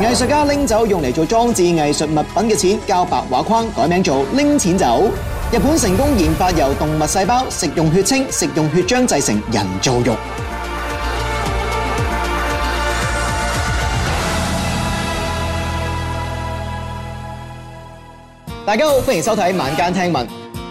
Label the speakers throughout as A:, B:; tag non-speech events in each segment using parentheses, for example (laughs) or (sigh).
A: 藝術家拎走用嚟做裝置藝術物品嘅錢，交白畫框改名做拎錢走。日本成功研發由動物細胞、食用血清、食用血漿製成人造肉。大家好，歡迎收睇晚間聽聞。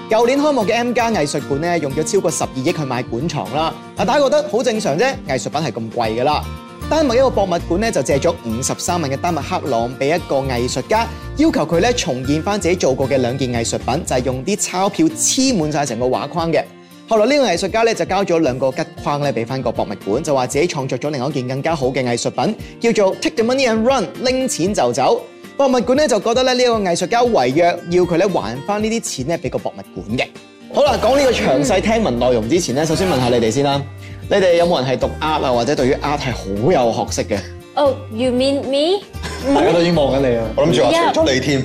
A: 舊年開幕嘅 M 加藝術館呢，用咗超過十二億去買館藏啦。大家覺得好正常啫，藝術品係咁貴噶啦。丹麥一個博物館咧就借咗五十三萬嘅丹麥克朗俾一個藝術家，要求佢咧重建翻自己做過嘅兩件藝術品，就係用啲鈔票黐滿晒成個畫框嘅。後來呢個藝術家咧就交咗兩個吉框咧俾翻個博物館，就話自己創作咗另一件更加好嘅藝術品，叫做 Take the Money and Run，拎錢就走。博物館咧就覺得咧呢個藝術家違約，要佢咧還翻呢啲錢咧俾個博物館嘅。好啦，講呢個詳細聽聞內容之前咧，首先問下你哋先啦。你哋有冇人係讀 art 啊？或者對於 art 係好有學識嘅
B: ？Oh, you mean me？
A: 我 (laughs) 都已經望緊你啊！我諗住話出你添，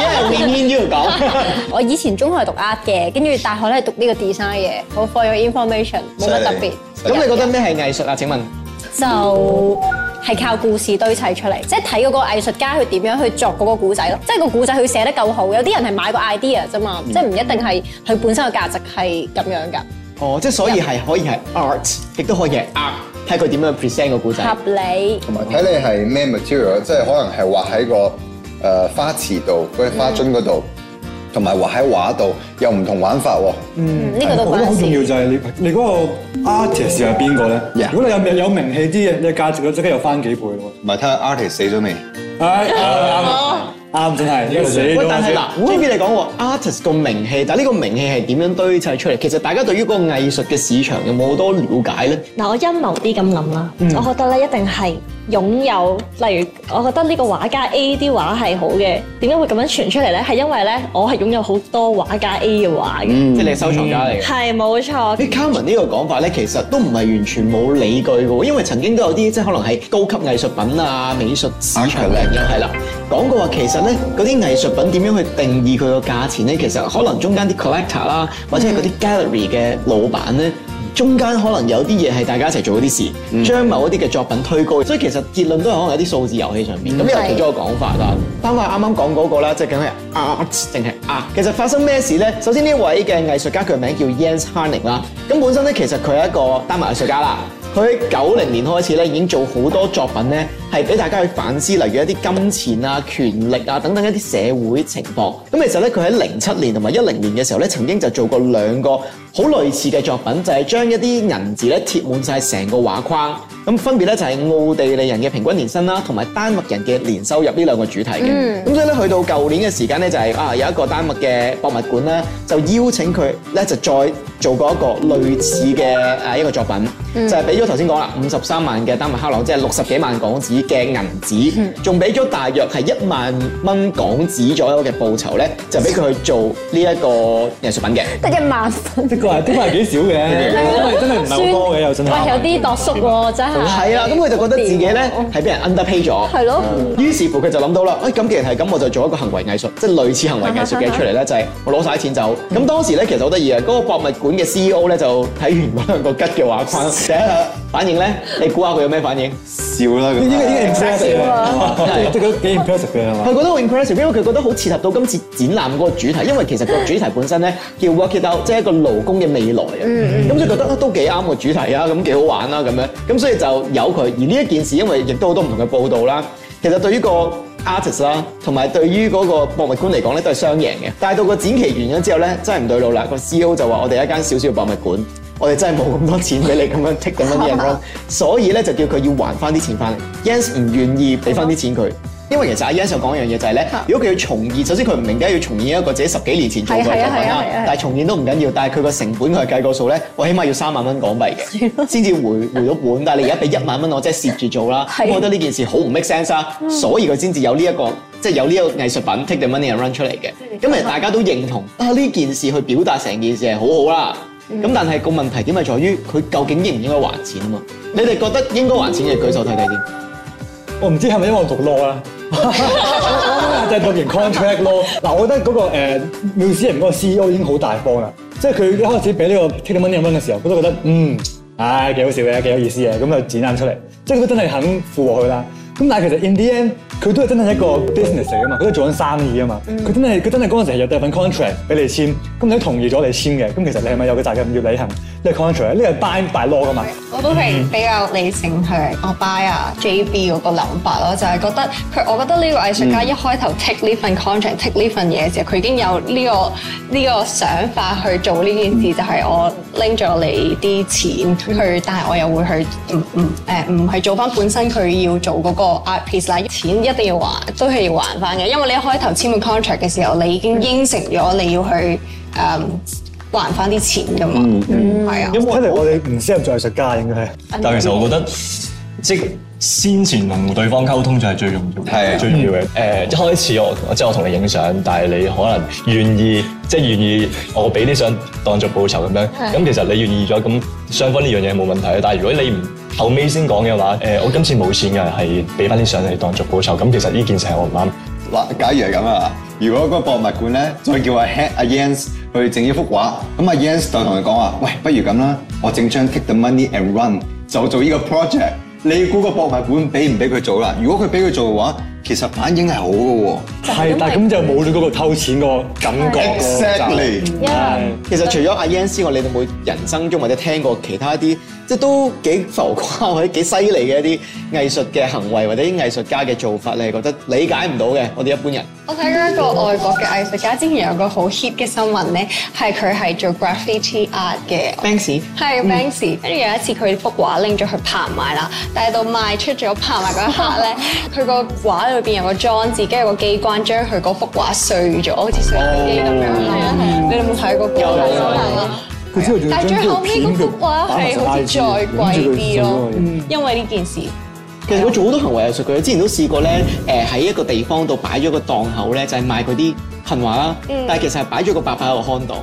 A: 因為 we mean you 講。
B: (laughs) 我以前中學係讀 art 嘅，跟住大學咧係讀呢個 design 嘅。我 for your information，
A: 冇乜特別。咁你覺得咩係藝術啊？請問
B: 就係靠故事堆砌出嚟，即係睇嗰個藝術家佢點樣去作嗰個故仔咯。即、就、係、是、個故仔佢寫得夠好，有啲人係買個 idea 啫嘛，即係唔一定係佢本身嘅價值係咁樣噶。 (laughs) (laughs) (laughs)
A: 哦，即係所以係可以係 art，亦都可以係 art，睇佢點樣 present 個故仔。合
B: 理。同埋睇你係
C: 咩 material，即係可能係畫喺個誒花池度、嗰、那、啲、個、花樽嗰度，同埋、嗯、畫喺畫度，有唔同玩法
B: 喎。嗯，呢、嗯、個都好但重
C: 要。就係、嗯、你你嗰個
A: artist 係
D: 邊個咧？嗯、如果你有有名氣啲嘅，你價值即刻又翻幾倍喎。唔係睇下 artist 死
A: 咗未？哎、啊、呀！好啱，真係、啊，呢個死咗先。喂，但係是嗱、啊、好似你講話，artist 個名氣，但係呢個名氣係點樣堆砌出嚟？其實大家對於嗰個藝術嘅市場有冇好多了解咧？
E: 嗱，我陰謀啲咁諗啦，嗯、我覺得咧一定係。擁有，例如我覺得呢個畫家 A 啲畫係好嘅，點解會咁樣傳出嚟咧？係因為咧，我係擁有好多畫家 A 嘅畫嘅，嗯、即係你嘅收藏家嚟嘅，係冇錯。啲嘉雯呢個
A: 講法咧，其實都唔係完全冇理據嘅，因為曾經都有啲即係可能係高級藝術品啊、美術市場嚟嘅，係啦。講過話其實咧，嗰啲藝術品點樣去定義佢個價錢咧？其實可能中間啲 collector 啦、啊，或者係嗰啲 gallery 嘅老闆咧。中間可能有啲嘢係大家一齊做嗰啲事，將、嗯、某一啲嘅作品推高，所以其實結論都係可能喺啲數字遊戲上邊。咁就係其中一個講法啦。翻返啱啱講嗰個啦，即係梗係啊，定係啊。其實發生咩事咧？首先呢位嘅藝術家佢嘅名叫 Jens Haaning 啦。咁本身咧其實佢係一個丹麥藝術家啦。佢喺九零年開始咧已經做好多作品咧。係俾大家去反思嚟嘅一啲金錢啊、權力啊等等一啲社會情況。咁其實咧，佢喺零七年同埋一零年嘅時候咧，曾經就做過兩個好類似嘅作品，就係、是、將一啲銀紙咧貼滿晒成個畫框。咁分別咧就係、是、奧地利人嘅平均年薪啦，同埋丹麥人嘅年收入呢兩個主題嘅。咁、嗯、所以咧，去到舊年嘅時間咧，就係、是、啊有一個丹麥嘅博物館咧，就邀請佢咧就再做過一個類似嘅啊一個作品，嗯、就係俾咗頭先講啦，五十三萬嘅丹麥克朗，即係六十幾萬港紙。嘅銀紙，仲俾咗大約係一萬蚊港紙左右嘅報酬咧，就俾佢去做呢一個藝術品嘅。得一萬蚊，的確係，的確係幾少嘅？係啊，因為真係唔係好多嘅，又真係。喂，有啲度縮喎，真係。係啊，咁佢就覺得自己咧係俾人 under pay 咗。係咯。於是乎佢就諗到啦，哎，咁其實係咁，我就做一個行為藝術，即係類似行為藝術嘅出嚟咧，就係我攞曬啲錢走。咁當時咧其實好得意嘅，嗰個博物館嘅 CEO 咧就睇完嗰兩個吉嘅畫框，第一反應咧，你估下佢有咩反應？笑啦咁啊！幾 impressive 啊！係，佢幾 impressive 嘅係嘛？佢覺得好 impressive，因為佢覺得好切合到今次展覽嗰個主題，因為其實個主題本身咧叫 Work It Out，即係一個勞工嘅未來啊。咁、嗯嗯、所以覺得都幾啱個主題啊，咁幾好玩啦，咁樣。咁所以就有佢。而呢一件事，因為亦都好多唔同嘅報導啦，其實對於個 artist 啦，同埋對於嗰個博物館嚟講咧，都係雙贏嘅。但係到個展期完咗之後咧，真係唔對路啦。個 C E O 就話：我哋一間小小嘅博物館。我哋真係冇咁多錢俾你咁樣 take the money and run, (laughs) 所以咧就叫佢要還翻啲錢翻嚟。Yen 唔願意俾翻啲錢佢，因為其實阿 Yen 想講一樣嘢就係、是、咧，如果佢要重現，首先佢唔明點解要重現一個自己十幾年前做過嘅作品。但係重現都唔緊要，但係佢個成本佢係計個數咧，我起碼要三萬蚊港幣先至回回到本。但係你而家俾一萬蚊，我真係蝕住做啦。 (laughs) 是的 我覺得呢件事好唔 make sense 啊，所以佢先至有呢、這、一個即係、就是、有呢一個藝術品 take the money and run 出嚟嘅。咁大家都認同啊呢件事去表達成件事係好好啦。咁但係個問題點係在於佢究竟應唔應該還錢啊嘛？你哋覺得應該還錢嘅舉手睇睇先。我唔知係咪因為我讀 law 啦，就讀、係、完 contract law。 (laughs) 嗱、啊，我覺得嗰、嗰個
D: 廖詩人嗰個 CEO 已經好大方啦，即係佢一開始俾呢個 twenty million 蚊嘅時候，佢都覺得嗯，唉、哎、幾好笑嘅，幾有意思嘅，咁就展覽出嚟，即係佢真係肯附和佢啦。咁但係其實，in the end，佢都係真係一個 business 嚟噶嘛，佢都係做緊生意啊嘛，佢、嗯、真係佢真係嗰陣時係有第二份 contract 俾你簽，咁你都同意咗嚟簽嘅，咁其實你係咪有個責任要履行？呢個
F: contract 呢個 bind by law 嘛 Okay,、嗯？我都係比較理性去我 buy 啊 JB 嗰個諗法咯，就係、是、覺得佢，我覺得呢個藝術家一開頭 take 呢份 contract take 呢份嘢嘅時候，佢已經有呢、這個呢、這個想法去做呢件事，嗯、就係我拎咗你啲錢去，但係我又會去唔唔誒唔係做翻本身佢要做嗰個 art piece 啦，錢一定要還，都係要還翻嘅，因為你一開頭簽個 contract 嘅時候，你已經應承咗你要去誒。嗯還返啲錢㗎嘛，係啊，有冇可能
D: 我哋唔適合做藝術家應該係。但其實我覺得，即先前同對方溝
G: 通就係最重要，係最重要嘅。一開始我即同你影相，但係你可能願意，即願意我俾啲相當作報酬咁樣。咁其實你願意咗，咁雙方呢樣嘢冇問題。但係如果你唔後尾先講嘅話，我今次冇錢㗎，係俾翻啲相你當作報酬。咁其實呢件事係我唔啱。嗱，假如係咁啊。
C: 如果個博物館呢，再叫阿 Head 阿 Yance 去整一幅畫，咁阿 Yance 就同佢講話：喂，不如咁啦，我整張 Take the Money and Run 就做呢個 project，你估個博物館俾唔俾佢做啦？如果
A: 佢俾佢做嘅話，其實反應係好嘅喎，對但係咁就冇你嗰個偷錢個感覺。Exactly。其實除咗阿 Ian 之外，你哋冇人生中或者聽過其他啲對即係都幾浮誇或者幾犀利嘅一啲藝術嘅行為或者啲藝術家嘅做法咧，你覺得理解唔到嘅。我哋一般人。
F: 我睇過一個外國嘅藝術家，之前有個好 hit 嘅新聞咧，係佢係做 graffiti art 嘅，Banksy。係 Banksy。跟住、嗯、有一次佢幅畫拎咗去拍賣啦，但係到賣出咗拍賣嗰一刻咧，佢個 (laughs) 畫。裏邊有個裝，自己有個機關，將佢嗰幅畫碎咗，好似相機咁樣。係、哦、啊係，啊啊你有冇睇
A: 過？有有
B: 有。佢、啊、但係最後面嗰幅畫
F: 係好似再貴啲咯，嗯、因為呢件事。
A: 其實我做好多行為藝術，佢之前都試過咧，誒喺一個地方度擺咗個檔口咧，就係賣嗰啲畫啦。但係其實係擺咗個白牌喺度看檔。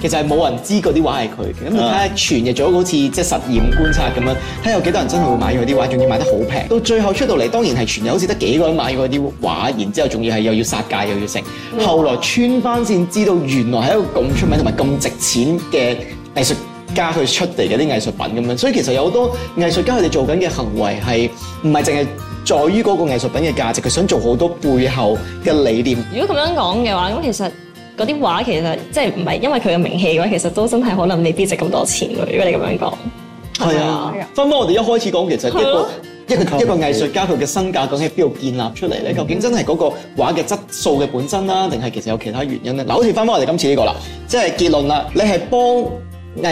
A: 其實係冇人知嗰啲畫係佢嘅，咁、嗯、你睇下全日做好似即係實驗觀察咁樣，睇有幾多人真係會買佢啲畫，仲要買得好平。到最後出到嚟，當然係全日好似得幾個人買佢啲畫，然之後仲要係又要殺價又要剩。後來穿翻先知道，原來係一個咁出名同埋咁值錢嘅藝術家佢出嚟嘅啲藝術品咁樣。所以其實有好多藝術家佢哋做緊嘅行為係唔係淨係在於嗰個藝術品嘅價值，佢想做好多背後嘅理念。
E: 如果咁樣講嘅話，咁其實。嗰啲畫其實即係唔係因為佢嘅名氣嘅話，其實都真係可能未必值咁多錢喎。如果你咁樣講，係啊，
A: 翻返、嗯、我哋一開始講，其實一個、啊、一個、嗯、一個藝術家佢嘅、嗯、身價究竟喺邊度建立出嚟咧？究竟真係嗰個畫嘅質素嘅本身啦，定係其實有其他原因咧？嗱，好似翻返我哋今次呢個啦，即、就、係、是、結論啦，你係幫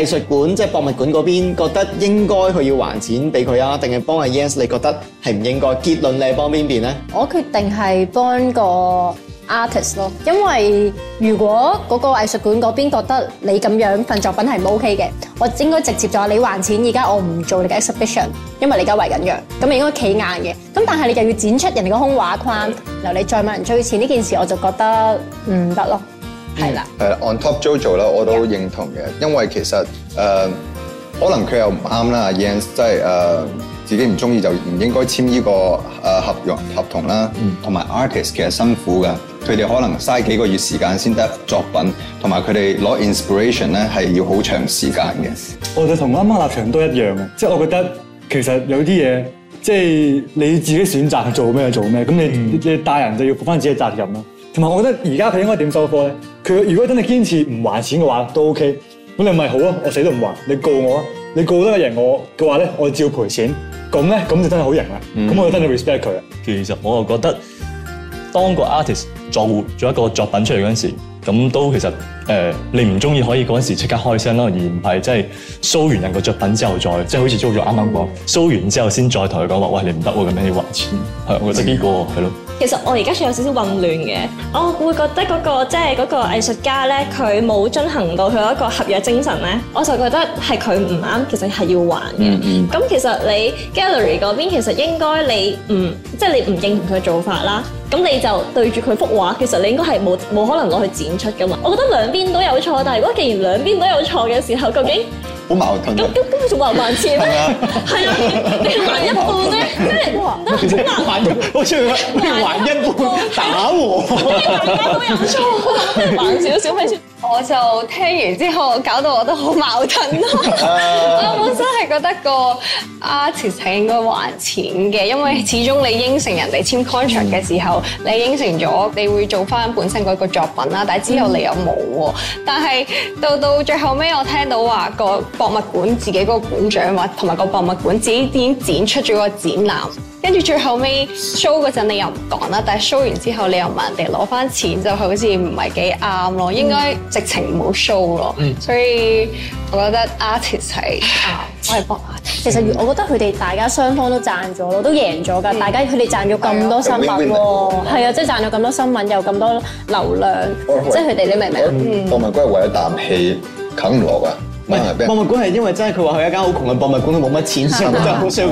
A: 藝術館即係、就是、博物館嗰邊覺得應該佢要還錢俾佢啊，定係幫阿 Yes，你覺得係唔應該？結論你係幫邊邊咧？
B: 我決定係幫個。Artist 咯，Artists, 因為如果嗰個藝術館嗰邊覺得你咁樣份作品係唔 OK 嘅，我應該直接就話你還錢，而家我唔做你嘅 exhibition，因為你而家違緊約，咁應該企硬嘅。咁但係你就要剪出人哋個空畫框，然後你再問人追錢呢件事，我就覺得唔得咯，係啦。誒、嗯
C: 嗯、on top Joe 做啦，我都認同嘅，因為其實誒、呃，可能佢又唔啱啦，Yan 即係誒。呃自己唔中意就唔應該簽呢個誒合約合同啦，同埋 artist 其實辛苦噶，佢哋可能嘥幾個月時間先得作品，同埋佢哋攞 inspiration 咧係要好長時間嘅。
D: 我就同啱啱立場都一樣嘅，即係我覺得其實有啲嘢，即係你自己選擇去做咩就做咩，咁你、嗯、你大人就要負翻自己責任啦。同埋我覺得而家佢應該點收貨咧？佢如果真係堅持唔還錢嘅話，都 OK。咁你咪好啊？我死都唔還，你告我啊！你告得贏我嘅話咧，我照賠錢。咁咧，咁就真係好型啦、啊。咁、嗯、我就真係 respect 佢
G: 啊。其實我就覺得，當個 artist 做做一個作品出嚟嗰陣時。咁都其實誒、呃，你唔中意可以嗰陣時即刻開聲咯，而唔係即係 show 完人個作品之後再，嗯、即係好似做咗啱啱講，show 完之後先再同佢講話，喂，你唔得喎，咁樣要還錢，係我覺得呢個係咯。嗯嗯、
E: 其實我而家仲有少少混亂嘅，我會覺得嗰、那個即係嗰個藝術家咧，佢冇進行到佢一個合約精神咧，我就覺得係佢唔啱，其實係要還嘅。咁、嗯嗯、其實你 Gallery 嗰邊其實應該你唔即係你唔認同佢嘅做法啦。咁你就對住佢幅畫，其實你應該係冇冇可能攞去展出㗎嘛？ (noise) 我覺得兩邊都有錯，但係如果既然兩邊都有錯嘅時候，究竟？好矛
B: 盾，咁咁咁佢仲還唔還錢啊？係啊，你還一半咧咩？還一半，我仲還一半，還一半，打和，大家都有錯，還少少。跟住
F: 我就聽完之後，搞到我都好矛盾咯。我本身係覺得個阿馳係應該還錢嘅，因為始終你應承人哋簽 contract 嘅時候，你應承咗你會做翻本身嗰個作品啦，但係之後你又冇喎。但係到到最後尾，我聽到話個博物館自己嗰個館長話，同埋個博物館自己已經展出咗個展覽，跟住最後尾 show 嗰陣你又唔講啦，但係 show 完之後你又問人哋攞翻錢，就好似唔係幾啱咯。應該直情唔好 show 咯。嗯、所以我覺得 artist 係、嗯、
B: 我係博物，其實我覺得佢哋大家雙方都賺咗咯，都贏咗噶。大家佢哋賺咗咁多新聞，係啊，即係賺咗咁多新聞又咁多流量，即係佢哋你明唔明？博、嗯、物館為咗啖
A: 氣啃唔落噶。是啊、博物館係因為真係佢話佢一間好窮嘅博物館都冇乜錢，所收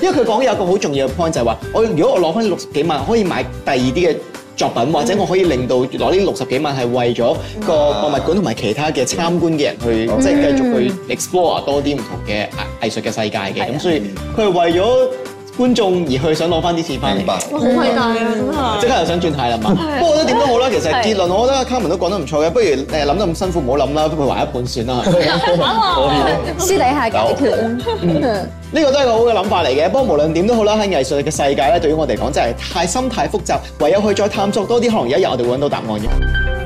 A: 因為佢講有個好重要嘅 point 就係、是、話，如果我攞翻六十幾萬，可以買第二啲嘅作品，嗯、或者我可以令到攞呢六十幾萬係為咗個博物館同埋其他嘅參觀嘅人去即係、啊、繼續去 explore 多啲唔同嘅藝藝術嘅世界嘅，咁、嗯嗯、所以佢係為咗，觀眾而去想攞翻啲錢翻嚟吧，好偉大啊！即刻又想轉態啦嘛，不過我覺得點都好啦。的其實結論，的我覺得卡文都講得唔錯嘅，不如誒諗得咁辛苦唔好諗啦，不如玩一半算啦。 (laughs) 玩喎完，私底下解決呢個都係一好嘅諗法嚟嘅。不過無論點都好啦，喺藝術嘅世界咧，對於我嚟講真係太心太複雜，唯有去再探索多啲，可能有一日我哋會揾到答案嘅。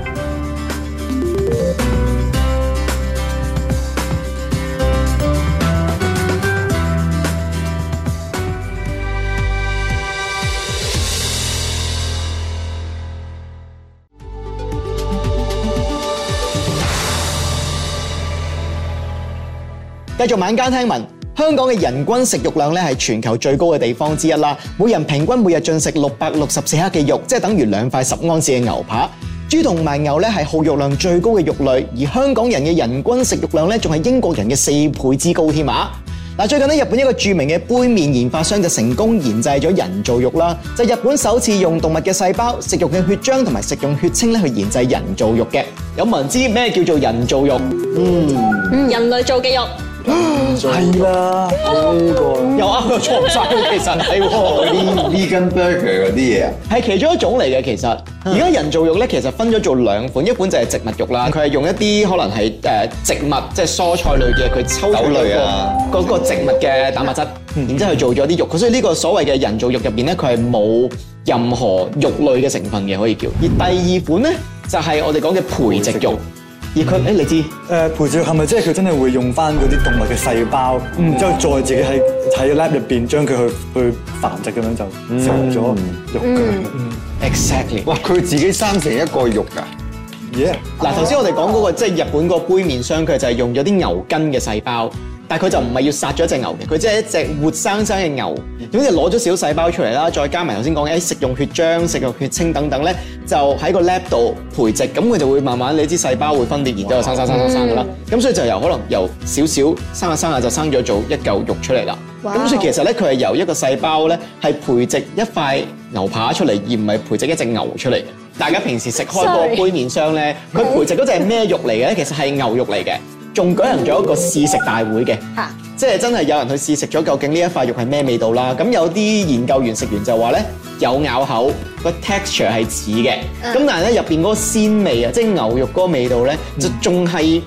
A: 繼續晚間聽聞，香港嘅人均食肉量咧，係全球最高嘅地方之一啦。每人平均每日進食六百六十四克嘅肉，即係等於兩塊十安士嘅牛扒。豬同埋牛咧，係耗肉量最高嘅肉類，而香港人嘅人均食肉量咧，仲係英國人嘅四倍之高添啊！嗱，最近呢，日本一個著名嘅杯麵研發商就成功研製咗人造肉啦。就是、日本首次用動物嘅細胞、食肉嘅血漿同埋食用血清咧去研製人造肉嘅。有冇人知咩叫做人造肉？
E: 嗯，人類做嘅肉。係啦，又啱個創收，其實係喎，啲
C: vegan burger 嗰啲嘢
A: 啊，係其中一種嚟嘅。其實而家人造肉咧，其實分咗做兩款，一款就係植物肉啦，佢係用一啲可能係誒植物，即係蔬菜類嘅佢抽走類啊嗰個植物嘅蛋白質，然之後做咗啲肉。所以呢個所謂嘅人造肉入邊咧，佢係冇任何肉類嘅成分嘅，可以叫。而第二款咧，就係我哋講嘅培植肉。
D: 而佢誒嚟自誒培植，係咪即係佢真係會用翻嗰啲動物嘅細胞，嗯，之後再自己喺喺 lab 入邊將佢去去繁殖，咁樣就
E: 成咗肉嘅
A: ？Exactly！哇！佢
D: 自己生成一個肉㗎
A: ？Yeah！嗱，頭先 Yeah、啊、我哋講嗰個即係、就是、日本個杯麵商，佢就係用咗啲牛筋嘅細胞。但佢就唔係要殺咗一隻牛嘅，佢即係一隻活生生嘅牛。咁你攞咗小細胞出嚟啦，再加埋頭先講嘅食用血漿、食用血清等等咧，就喺個 lab 度培植，咁佢就會慢慢你啲細胞會分裂，然之後生生生生生嘅啦。咁所以就由可能由少少生下生下就生咗做一嚿肉出嚟啦。咁所以其實咧，佢係由一個細胞咧係培植一塊牛扒出嚟，而唔係培植一隻牛出嚟。大家平時食開個杯麵霜咧，佢培植嗰隻係咩肉嚟嘅咧？其實係牛肉嚟嘅。仲舉行咗一個試食大會嘅，嗯、即係真係有人去試食咗，究竟呢一塊肉係咩味道啦。咁有啲研究員食完就話咧，有咬口，個 texture 係似嘅。咁、嗯、但係咧，入邊嗰個鮮味啊，即係牛肉嗰個味道咧，就仲係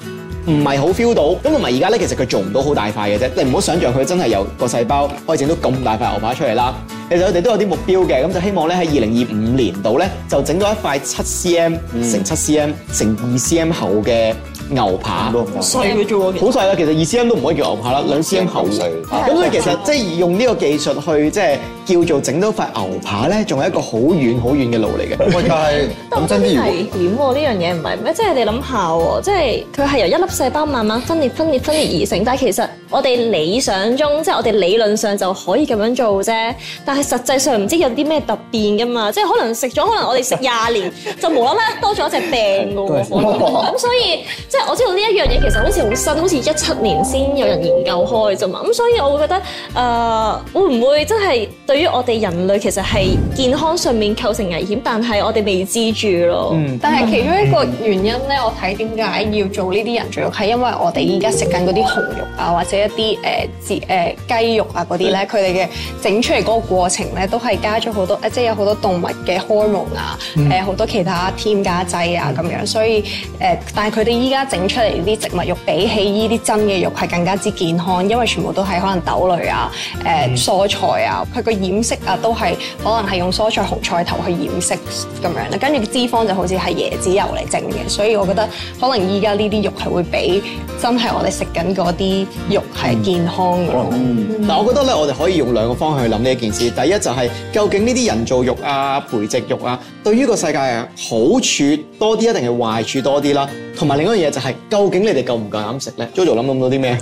A: 唔係好 feel 到。咁同埋而家咧，其實佢做唔到好大塊嘅啫。你唔好想象佢真係由個細胞可以整到咁大塊牛扒出嚟啦。其實我哋都有啲目標嘅，咁就希望咧，喺二零二五年度咧，就整到一塊七 cm 乘七 cm 乘二 cm 厚嘅。牛扒好細嘅啫，好細啦。其實二 CM 都唔可以叫牛扒啦，兩 CM 好，咁所以其實的即係用呢個技術去即係叫做整到塊牛扒咧，仲係一個好遠好遠嘅路嚟嘅。喂，但係咁真啲，
E: 如點喎呢樣嘢唔係咩？即係你諗下喎，即係佢係由一粒細胞慢慢分裂、分裂、分裂而成。但係其實我哋理想中，即係我哋理論上就可以咁樣做啫。但係實際上唔知有啲咩突變㗎嘛？即係可能食咗，可能我哋食廿年就無啦啦多咗一隻病㗎咁 (laughs) 所以即 (laughs) 我知道呢一樣嘢其實好似好新，好似一七年先有人研究開啫嘛，咁所以我會覺得誒、呃，會唔會真係對於我哋人類其實係健康上面構成危險，但係我哋未知住咯、嗯。但係其中一個
F: 原因咧，我睇點解要做呢啲人造肉，係因為我哋依家食緊嗰啲紅肉啊，或者一啲誒誒雞肉啊嗰啲咧，佢哋嘅整出嚟嗰個過程咧，都係加咗好多，即係有好多動物嘅荷爾蒙啊，誒、呃、好多其他添加劑啊咁樣。所以誒、呃，但係佢哋依家整出嚟啲植物肉，比起呢啲真嘅肉係更加之健康，因為全部都係可能豆類啊、誒、呃、蔬菜啊，佢個。染色啊，都係可能係用蔬菜紅菜頭去染色咁樣咧，跟住脂肪就好似係椰子油嚟整嘅，所以我覺得可能依家呢啲肉係會比真係我哋食緊嗰啲肉係健康咯。嗯嗯、但我覺
A: 得咧，我哋可以用兩個方向去諗呢一件事。第一就係、是、究竟呢啲人造肉啊、培植肉啊，對於個世界係好處多啲，定係壞處多啲啦？同埋另一樣嘢就係、是、究竟你哋夠唔夠膽食咧？JoJo 諗到啲咩？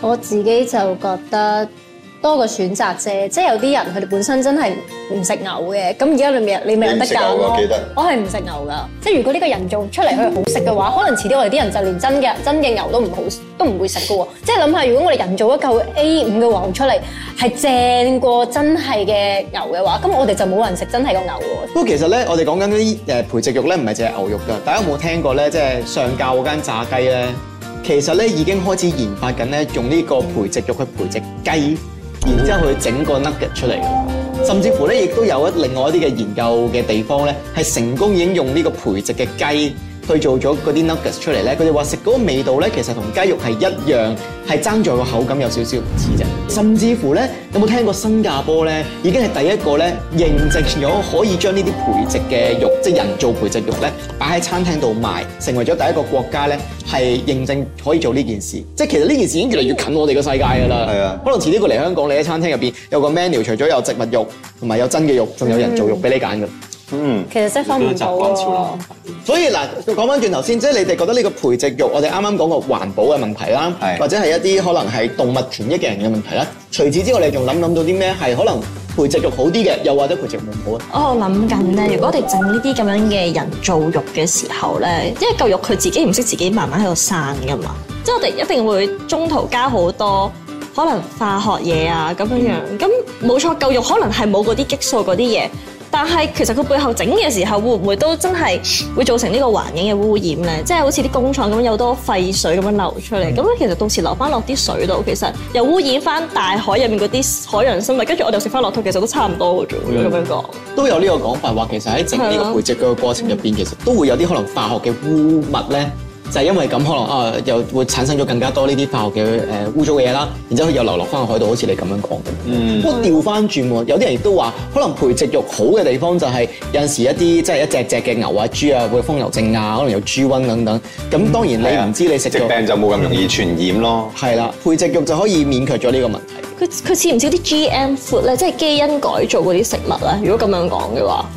B: 我自己就覺得。多個選擇啫，即係有啲人佢哋本身真係唔食牛嘅，咁而家裏面你咪唔的得㗎我係唔食牛㗎，即係如果呢個人做出嚟佢好食嘅話，可能遲啲我哋啲人就連真嘅真嘅牛都唔好都唔會食嘅喎。即係諗下，如果我哋人造一嚿 A 五嘅黃出嚟係正過真係嘅牛嘅話，咁我哋就冇人食真係個牛喎。不
A: 過其實咧，我哋講緊啲誒培植肉咧，唔係淨係牛肉㗎。大家有冇聽過咧？即係上校嗰間炸雞咧，其實咧已經開始研發緊咧，用呢個培植肉去培植雞。然之後去整個 nugget 出嚟，甚至乎咧亦都有一另外一啲嘅研究嘅地方咧，係成功已經用呢個培植嘅雞去做咗啲 nuggets 出嚟咧。佢哋話食嗰個味道咧，其實同雞肉係一樣，係爭在個口感有少少唔似啫。甚至乎呢，有冇聽過新加坡呢？已經係第一個呢認證咗可以將呢啲培植嘅肉，即、就係、人造培植肉呢，擺喺餐廳度賣，成為咗第一個國家呢係認證可以做呢件事。即其實呢件事已經越嚟越近我哋個世界㗎啦。嗯、可能遲啲過嚟香港，你喺餐廳入面有個 menu，除咗有植物肉同埋有真嘅肉，仲有人造肉俾、嗯、你揀㗎。嗯，其實即係方便潮咯。所以嗱，講翻轉頭先，即係你哋覺得呢個培植肉，我哋啱啱講個環保嘅問題啦，的或者係一啲可能係動物權益嘅人嘅問題啦。除此之外，你哋仲諗諗到啲咩？係可能培植肉好啲嘅，又或
E: 者培植冇好啊？我諗緊咧，如果我哋整呢啲咁樣嘅人造肉嘅時候咧，因為嚿肉佢自己唔識自己，慢慢喺度生㗎嘛。即係我哋一定會中途加好多可能化學嘢啊咁樣樣。咁冇、嗯、錯，嚿肉可能係冇嗰啲激素嗰啲嘢。但係其實佢背後整嘅時候，會唔會都真係會造成呢個環境嘅污染呢？即係好似啲工廠咁有很多廢水咁樣流出嚟，咁是的 其實到時候流翻落啲水度，其實又污染翻大海入面嗰啲海洋生物，跟住我哋食翻落肚，其實都差唔多嘅啫。咁的樣
A: 講都有呢個講法，話其實喺整呢個培植嘅過程入面，的其實都會有啲可能化學嘅污物咧，就係因為咁可能啊、呃，又會產生咗更加多呢啲化學嘅誒污糟嘅嘢啦，然之後佢又流落翻個海度，好似你咁樣講。嗯，不過調翻轉，嗯、有啲人亦都話，可能培植肉好嘅地方就係有陣時一啲即係一隻隻嘅牛啊、豬啊會瘋油症啊，可能有豬瘟等等。咁、嗯嗯、當然你唔知你食，食病就冇咁容易傳染咯。係啦，培植肉就可以免卻咗呢個問題。
E: 佢佢似唔似啲 G M food 咧？即係基因改造嗰啲食物咧？如果咁樣講嘅話。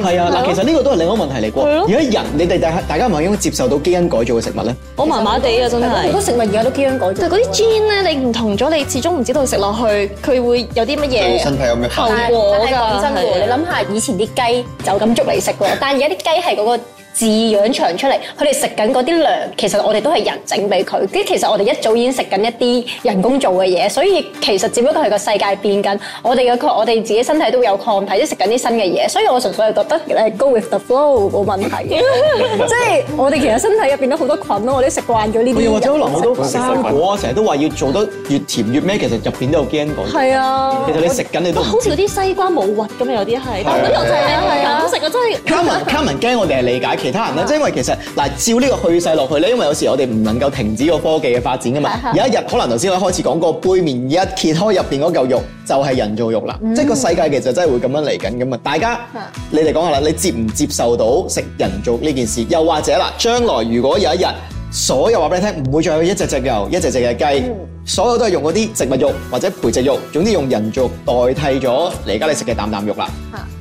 A: 係啊，嗱，其實呢個都係另一個問題嚟㗎。而家對了 人，你哋大大家唔係應該接受到基因改造嘅食物咧？
E: 我麻麻地啊，真係，如果食物而家都基因改造。但係嗰啲 gene 咧，你唔同咗，你始終唔知道食落去佢會有啲乜嘢身體有咩後果㗎。你
B: 諗下，以前啲雞就咁捉嚟食喎，但而家啲雞係、嗰個。 (laughs) 飼養場出嚟，佢哋食緊嗰啲糧，其實我哋都係人整俾佢。即其實我哋一早已經食緊一啲人工做嘅嘢，所以其實只不過係個世界變緊。我哋嘅抗，我哋自己身體都會有抗體，即食緊啲新嘅嘢。所以我純粹係覺得，你 go with the flow，冇問題。即係我
E: 哋其實身體入邊都好多菌咯，我哋食慣咗呢啲人。或者可能好多食生
A: 果啊，成日都話要做得越甜越咩，其實入邊都有菌。係啊，其
E: 實你食緊你都好似嗰啲西瓜冇核咁有啲係，但又係係啊。即係，嘉雯嘉
A: 雯驚，Carmen, (laughs) 我哋係理解其他人咧， (laughs) 即係因為其實照呢個趨勢落去咧，因為有時我哋唔能夠停止個科技嘅發展㗎嘛。 (laughs) 有一日， (laughs) 可能頭先我哋開始講過杯麵一揭開入面嗰嚿肉就係、是、人造肉啦。 (laughs) 即係個世界其實真係會咁樣嚟緊㗎嘛。大家， (laughs) 你哋講下啦，你接唔接受到食人造肉呢件事？又或者啦，將來如果有一日，所有話俾你聽，唔會再有一隻隻牛，一隻隻嘅雞，所有都係用嗰啲植物肉或者培植肉，總之用人肉代替咗你而家你食嘅啖啖肉啦，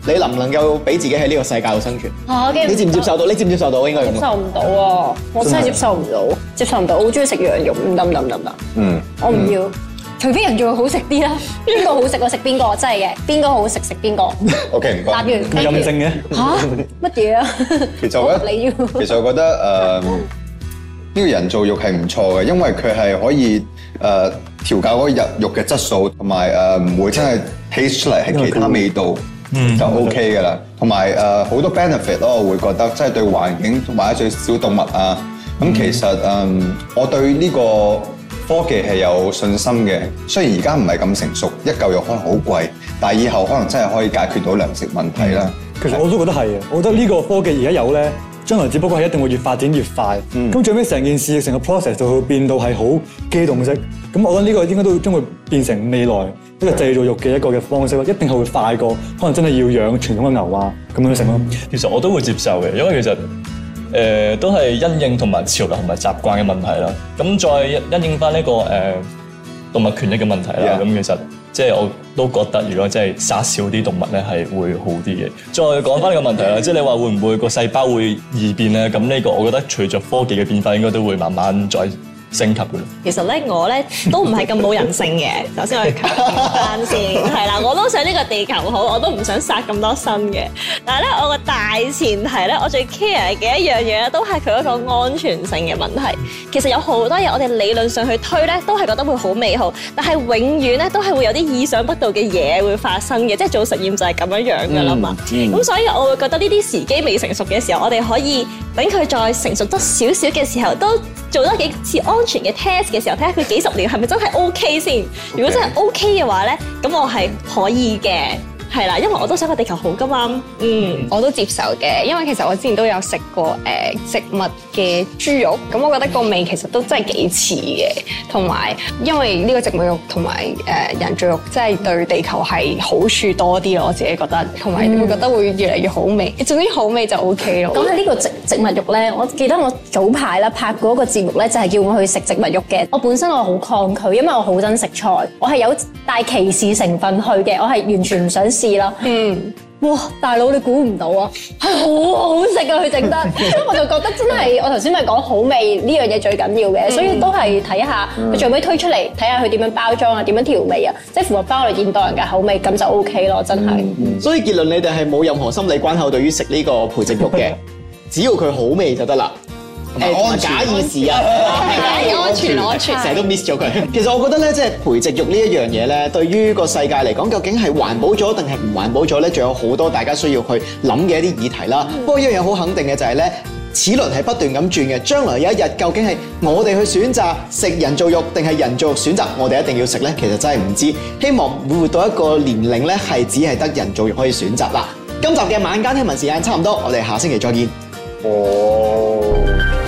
A: 你能唔能夠俾自己喺呢個世界度生存？吓，你接唔接受到？你接唔接受到？應該唔接
B: 受唔到啊！我真係接受唔到，接受唔到。我好中意食羊肉，唔得唔得唔得。嗯，我唔要，除非人肉好食啲啦。邊個好食，食邊個，真係嘅。邊個好食，食邊個。OK，
C: 唔該。答完任性嘅吓？乜嘢？其實我覺得，其實我覺得誒。呢個人造肉係唔錯嘅，因為佢係可以誒調、呃、教嗰日肉嘅質素，同埋誒唔會真係 taste 出嚟係其他味道，嗯，就 OK 嘅啦。同埋誒好多 benefit 咯，我會覺得真係對環境同埋對小動物啊。咁其實嗯、嗯，我對呢個科技係有信心嘅。雖然而家唔係咁成熟，一嚿肉可能好貴，但係以後可能真係可以解決到
D: 糧食問題啦、嗯。其實我都覺得係啊，我覺得呢個科技而家有咧。將來只不過係一定會越發展越快，咁、嗯、最尾成件事成個 process 就會變到係好機動式，咁我覺得呢個應該都將會變成未來一個製造肉嘅一個嘅方式咯，嗯、一定係會快過可能真係要養傳統嘅牛啊咁樣食咯。
G: 其實我都會接受嘅，因為其實誒、呃、都係因應同埋潮流同埋習慣嘅問題啦，咁再因應翻、這、呢個誒、呃、動物權益嘅問題啦，咁、嗯、其實。即係我都覺得，如果真係殺少啲動物咧，係會好啲嘅。再講翻呢個問題啦， (laughs) 即係你話會唔會個細胞會易變咧？咁呢個我覺得隨着科技嘅變化，應該都會慢慢再。升級嘅，
E: 其實咧我咧都唔係咁冇人性嘅，首先我哋講翻先，係啦，我都想呢個地球好，我都唔想殺咁多生嘅。但係咧，我個大前提咧，我最 care 嘅一樣嘢咧，都係佢嗰個安全性嘅問題。其實有好多嘢我哋理論上去推咧，都係覺得會好美好，但係永遠咧都係會有啲意想不到嘅嘢會發生嘅，即係做實驗就係咁樣樣噶啦嘛。咁所以我會覺得呢啲時機未成熟嘅時候，我哋可以等佢再成熟得少少嘅時候都。做多幾次安全嘅 test 嘅時候，睇下佢幾十年係咪真係 OK 先。的如果真係 OK 嘅話呢，咁我係可以嘅。係啦，因為我都想個地
F: 球好㗎嘛，嗯，我都接受嘅。因為其實我之前都有食過誒植物嘅豬肉，咁我覺得個味其實都真係幾似嘅。同埋因為呢個植物肉同埋誒人造肉，真係對地球係好處多啲咯，我自己覺得。同埋你會覺得會越嚟越好味，總之好味就 O K 咯。講起呢個植植物肉咧，我記得
B: 我早排啦拍過一個節目咧，就係叫我去食植物肉嘅。我本身我好抗拒，因為我好憎食菜，我係有帶歧視成分去嘅，我係完全唔想。嗯，哇，大佬你估唔到 (laughs) 啊，係好好食啊，佢整得， (laughs) 我就覺得真係，我頭先咪講好味呢，樣嘢最緊要嘅。嗯、所以都係睇下佢、嗯、最尾推出嚟，睇下佢點樣包裝啊，點樣調味啊，即係符合翻我哋現代人嘅口味，咁就 OK 咯，真係、嗯嗯。
A: 所以結論，你哋係冇任何心理關口對於食呢個培植肉嘅， (laughs) 只要佢好味就得啦。誒假意思啊，假以安全，我全成日都 miss 咗佢。 (laughs) 其實我覺得呢，即係培植肉呢一樣嘢呢，對於個世界嚟講，究竟係環保咗定係唔環保咗呢？仲有好多大家需要去諗嘅一啲議題啦。 (laughs) 不過一樣嘢好肯定嘅就係呢，齒輪係不斷咁轉嘅。將來有一日，究竟係我哋去選擇食人造肉定係人造肉選擇，我哋一定要食呢？其實真係唔知。希望會活到一個年齡呢，係只係得人造肉可以選擇啦。今集嘅晚間聽聞時間差唔多，我哋下星期再見。哦。 (music)